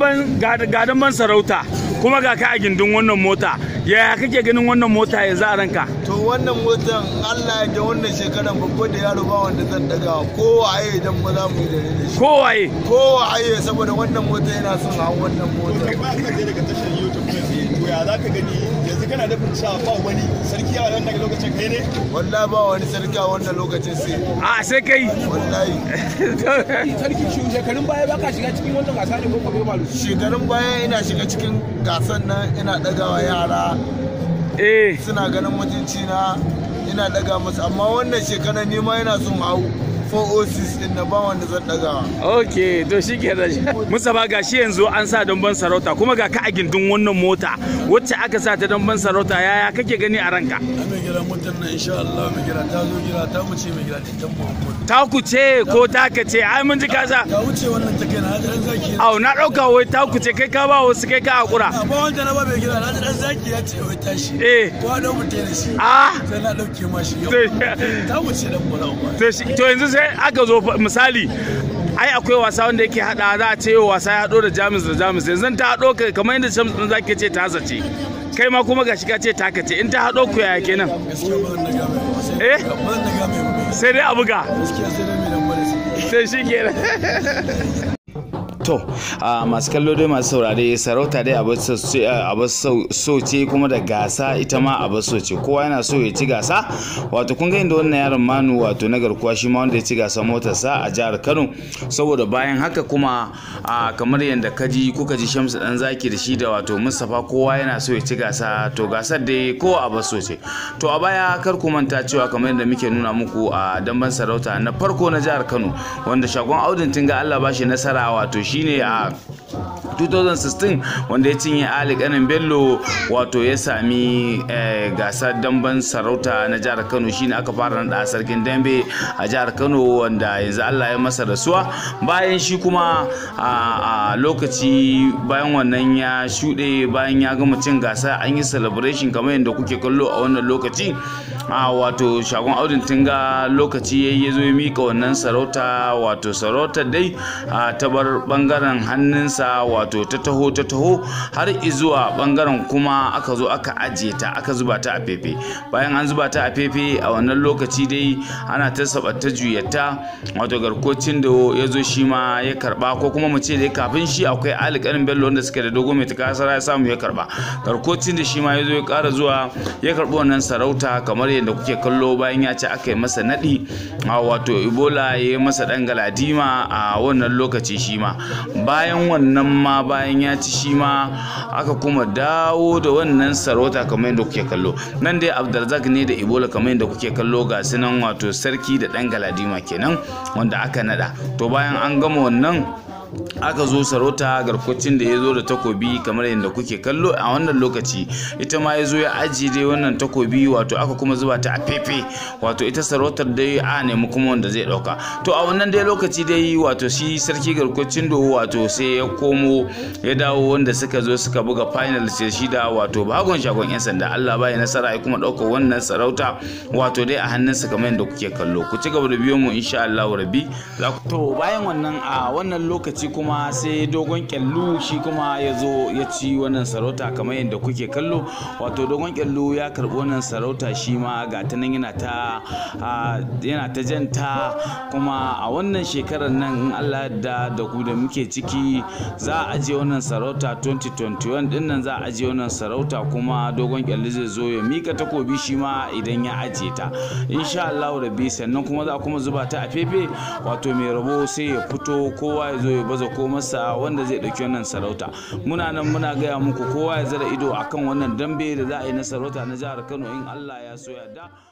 gadon ban sarauta kuma ga ka a gindin wannan mota ya kake ganin wannan mota ya za a ranka to wannan motan Allah ya da wannan shekaran babba da ya ba wanda zan daga kowaye idan ba za mu yi da ne shi kowaye kowaye saboda wannan mota yana son a wannan mota ba ka je daga tashar YouTube to ya za ka gani yanzu kana da cewa ba wani sarki a wannan lokacin kai ne wallahi ba wani sarki a wannan lokacin sai a sai kai wallahi sarki shekarun baya ba ka shiga cikin wannan gasa ne ko ka bai malu shekarun baya ina shiga cikin gasan nan ina dagawa yara eh suna ganin mutunci na ina daga musu amma wannan shekarar nima yana son hau 406 in na ba wanda zan dagawa ok to shi ke da mustapha ga shi yanzu an sa damban sarauta kuma ga ka a gindin wannan mota wacce aka sa ta damban sarauta yaya kake gani a ranka mai gida motar na insha Allah mai gida ta zo gida ta mu ce mai gida ta tambo ta ku ce ko ta ka ce ai mun ji ka sa ta wuce wannan ta kai na dan zaki au na dauka wai ta ku ce kai ka ba wasu kai ka hakura ba wanda na ba mai gida na dan zaki ya ce wai tashi eh ko da mu tare shi ah sai na dauke mashi yau ta wuce dan bola to yanzu sai aka zo misali ai akwai wasa wanda yake hada za a ce wasa ya hado da jamus da jamus yanzu ta hado kai kamar yadda shams din zaki ce ta zace kai ma kuma gashi ka ce taka ce in ta hado ku ya kenan eh sai dai a sai shi kenan to masu kallo dai masu saurare sarauta dai abu so ce kuma da gasa ita ma abu so ce kowa yana so ya ci gasa wato kun ga inda wannan yaron manu wato na garkuwa shi ma wanda ya ci gasa motarsa a jihar kano saboda bayan haka kuma kamar yadda kaji kuka ji shamsu dan zaki da shi da wato mustapha kowa yana so ya ci gasa to gasar dai kowa abu so ce to a baya kar ku manta cewa kamar yadda muke nuna muku a damban sarauta na farko na jihar kano wanda shagon audin ga allah ba shi nasara wato shine a 2016 wanda ya cinye ali kanin bello wato ya sami eh, gasar damban sarauta na jihar kano shine aka fara nada sarkin dambe a jihar kano wanda yanzu allah ya masa rasuwa bayan shi kuma a lokaci bayan wannan ya shuɗe bayan ya gama cin gasa an yi celebration kamar yadda kuke kallo a wannan lokaci a wato shagon audin tinga lokaci ya yi zo ya mika wannan sarauta wato sarauta dai ta bar bangaren hannunsa ƙasa wato ta taho ta taho har izuwa bangaren kuma aka zo aka ajiye ta aka zuba ta a fefe bayan an zuba ta a fefe a wannan lokaci dai ana ta saɓa ta juyata wato garkocin da ya zo shi ma ya karba ko kuma mu ce dai kafin shi akwai alƙarin bello wanda suke da dogo mai takasara ya samu ya karba garkocin da shi ma ya zo ya ƙara zuwa ya karɓi wannan sarauta kamar yadda kuke kallo bayan ya ce aka yi masa naɗi wato ibola ya yi masa ɗan galadima a wannan lokaci shi ma bayan wannan nan ma bayan ya ci shi ma aka kuma dawo da wannan sarauta kamar yadda kuke kallo nan dai abdulrazak ne da ibola kamar yadda kuke kallo ga sunan wato sarki da dan galadima kenan wanda aka nada to bayan an gama wannan aka zo sarauta garkwacin da ya zo da takobi kamar yadda kuke kallo a wannan lokaci ita ma ya zo ya ajiye dai wannan takobi wato aka kuma zuba ta a fefe wato ita sarautar dai a nemi kuma wanda zai dauka to a wannan dai lokaci dai wato shi sarki garkwacin da wato sai ya komo ya dawo wanda suka zo suka buga final sai shi da wato bagon shagon yan sanda Allah bai nasara ya kuma dauka wannan sarauta wato dai a hannun sa kamar yadda kuke kallo ku ci gaba da biyo mu insha Allah rabbi to bayan wannan a wannan lokaci lokaci kuma sai dogon kyallu shi kuma ya zo ya ci wannan sarauta kamar yadda kuke kallo wato dogon kyallu ya karbi wannan sarauta shi ma ga ta nan yana ta janta kuma a wannan shekarar nan in Allah da da ku da muke ciki za a je wannan sarauta 2021 din nan za a je wannan sarauta kuma dogon kyallu zai zo ya mika takobi shi ma idan ya ajiye ta insha Allah rabbi sannan kuma za kuma zuba ta a fefe wato mai rabo sai ya fito kowa ya zo ya baza masa wanda zai ɗauki wannan sarauta muna nan muna gaya muku kowa ya zara ido akan wannan dambe da za a yi na sarauta na jihar kano in allah ya so ya da